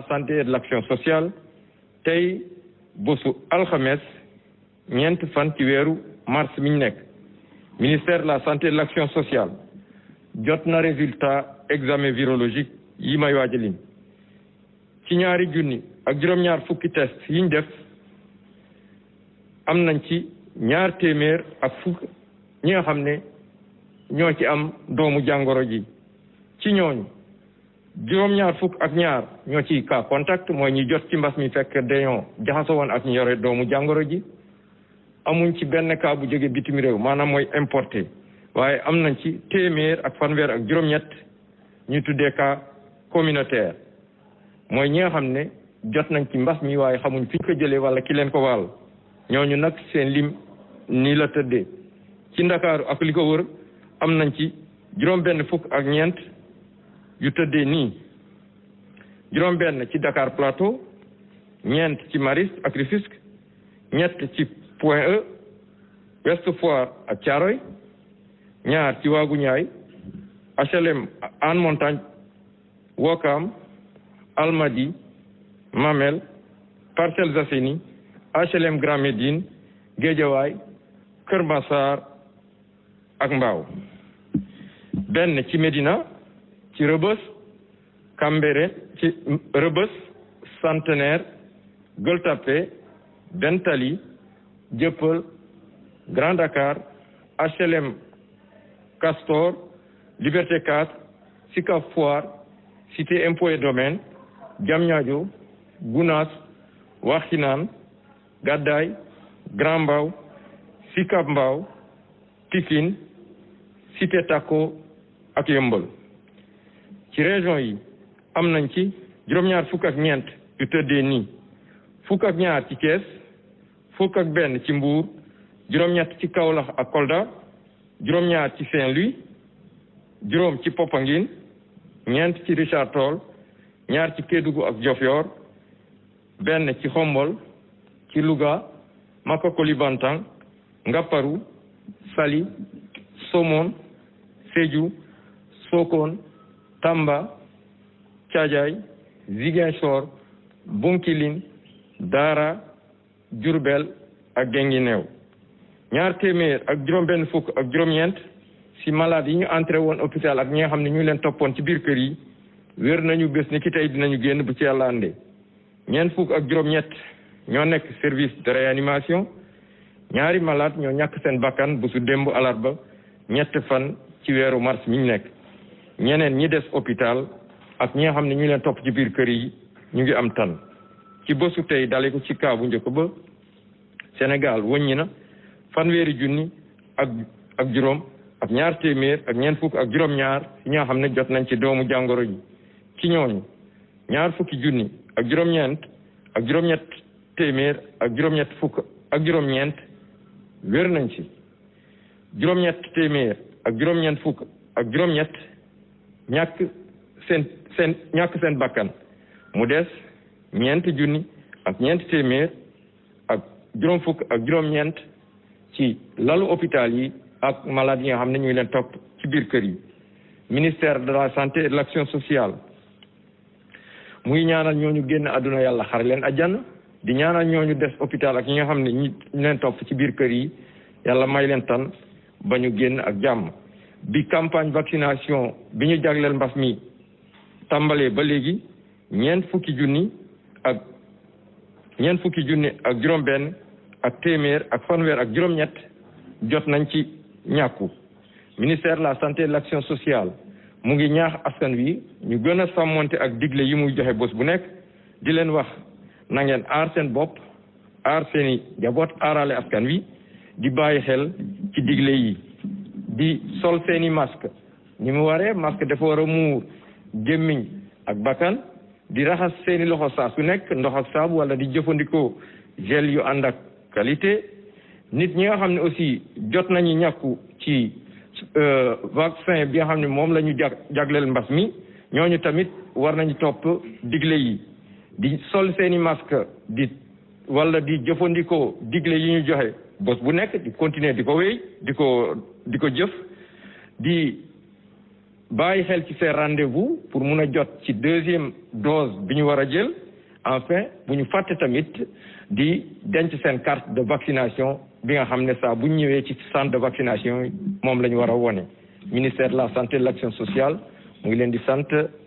la santé et de l'action sociale tey bésu alxames ñeent fan ci weeru mars mi nekk ministère de la santé et de l'action sociale jot na résultat examen virologique yi may waaj a lim ci ñaari junni ak juróom-ñaar fukki test yi def am nañ ci ñaar téeméer ak fukk ñi nga xam ne ñoo ci am doomu jàngoro ji ci ñooñu juróom-ñaar fukk ak ñaar ñoo ci cas contact mooy ñi jot ci mbas mi fekk dañoo jaxasoo woon ak ñu doomu jàngoro ji amuñ ci benn cas bu jóge bitim réew maanaam mooy importé waaye am nañ ci téeméer ak fanweer ak juróom-ñett ñu tuddee cas communautaire mooy ñi nga xam ne jot nañ ci mbas mi waaye xamuñ fi ko jëlee wala ki leen ko wàll ñooñu nag seen lim nii la tëddee ci ndakaaru ak li ko wër am nañ ci juróom benn fukk ak ñeent yu tëddee nii juróom-benn ci Dakar Plateau ñeent ci Mariste ak Rufisque ñett ci Point E Ouest Foire ak Thiaroye ñaar ci Waagu Ñaay HLM Montagne Wokam Almadies Mamelles Parcelles Assainies HLM Grand Médine Guédiawaye Kër Massar ak Mbao benn ci Médina ci Rëbës Cambérène ci Rëbës Centenaire Gueule Tapée Dentali Dieuppeul Grand Dakar HLM Castor Liberté 4 Sicap Foire Cité Impôts et Domaines Diamniadio Gounass Wakhinane Grand Mbao Sicap Mbao Pikine Cité Takko ak ci région yi am nañ ci juróom-ñaar fukk ak ñeent yu tëddee nii fukk ak ñaar ci Thiès fukk ak benn ci Mbour juróom-ñett ci Kaolack ak Kolda juróom-ñaar ci Saint-Louis juróom ci Popenguine ñeent ci Richard Toll ñaar ci Kédougou ak Diofior benn ci Xombol ci Louga Makakoli Bantang Ngaparou Saly Somone Sédhiou Sokone Tamba Thiadiaye Ziguinchor Bounkiling daara Diourbel ak Guinguinéo ñaar téeméer ak juróom-benn fukk ak juróom-ñeent ci malade yi ñu entrée woon hôpital ak ñi nga xam ne ñu leen toppoon ci biir kër yi wér nañu bés ni ki tey dinañu génn bu ci yàlla àndee ñeent fukk ak juróom-ñett ñoo nekk service de réanimation ñaari malade ñoo ñàkk seen bakkan bu su démb ba ñett fan ci weeru mars mi ñu nekk. ñeneen ñi des hôpital ak ñi nga xam ne ñu leen topp ci biir kër yi ñu ngi am tan ci bésu tey dale ko ci kaabu njëkk ba Sénégal wëññi na wéeri junni ak ak juróom ak ñaar téeméer ak ñeent ak juróom-ñaar xam ne jot nañ ci doomu jàngoro ji ci ñooñu ñaar ak juróom ak juróom-ñett ak juróom fukk ak juróom-ñeent wér nañ ci juróom-ñett téeméer ak juróom-ñeent fukk ak juróom-ñett ñàkk seen seen ñàkk seen bakkan mu des ñeenti junni ak ñeenti téeméer ak juróom fukk ak juróom-ñeent ci lalu hôpital yi ak malade yi nga xam ne ñu ngi leen topp ci biir kër yi ministère de la santé et de l'action sociale muy ñaanal ñooñu génn àdduna yàlla xar leen àjjana di ñaanal ñu des hôpital ak ñi nga xam ne ñi leen topp ci biir kër yi yàlla may leen tan ba ñu génn ak jàmm bi campagne vaccination bi ñu jagleel mbas mi tàmbalee ba léegi ñeent fukki junni ak ñeent fukki junni ak juróom-benn ak téeméer ak fanweer ak juróom-ñett jot nañ ci ñàkku ministère la santé et de l'action sociale mu ngi ñaax askan wi ñu gën a sàmmonte ak digle yi muy joxe bos bu nekk di leen wax na ngeen aar seen bopp aar seeni njaboot aarale askan wi di bàyyi xel ci digle yi. di sol seeni masque ni mu waree masque dafa war a muur gémmiñ ak bakkan di raxas seeni loxo saa su nekk ndox ak saabu wala di jëfandikoo gel yu ànd ak qualité nit ñi nga xam ne aussi jot nañu ñàkku ci euh, vaccin bi nga xam ne moom la ñu jag jagleel mbas mi ñooñu tamit war nañu topp digle yi di sol seeni masque di wala di jëfandikoo digle yi ñu joxe bés bu nekk di continuer di ko wéy di ko di ko jëf di bàyyi xel ci seen rendez-vous pour mun a jot ci deuxième dose bi ñu war a jël enfin bu ñu fàtte tamit di denc seen carte de vaccination bi nga xam ne saa bu ñu ñëwee ci centre de vaccination moom la ñu war a wone ministère de la santé de l'action sociale mu ngi leen di sant